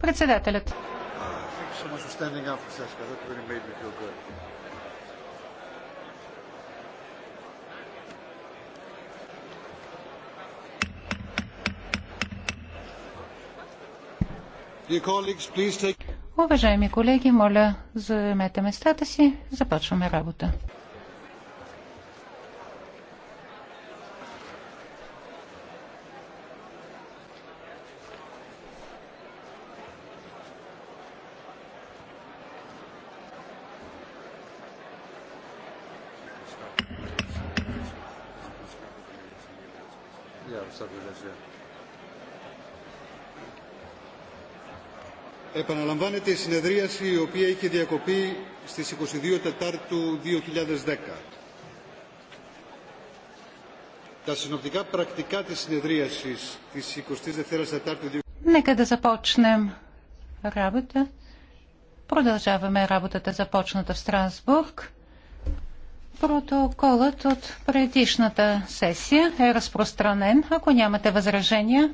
Председателят. Уважаеми колеги, моля, заемете местата си. Започваме работа. Επαναλαμβάνεται η συνεδρίαση η οποία είχε διακοπεί στις 22 Τετάρτου 2010. Τα συνοπτικά πρακτικά της συνεδρίασης της 22 Τετάρτου 2010... Нека да започнем работа. Продължаваме работата започната в Страсбург. Протоколът от предишната сесия е разпространен. Ако нямате възражения,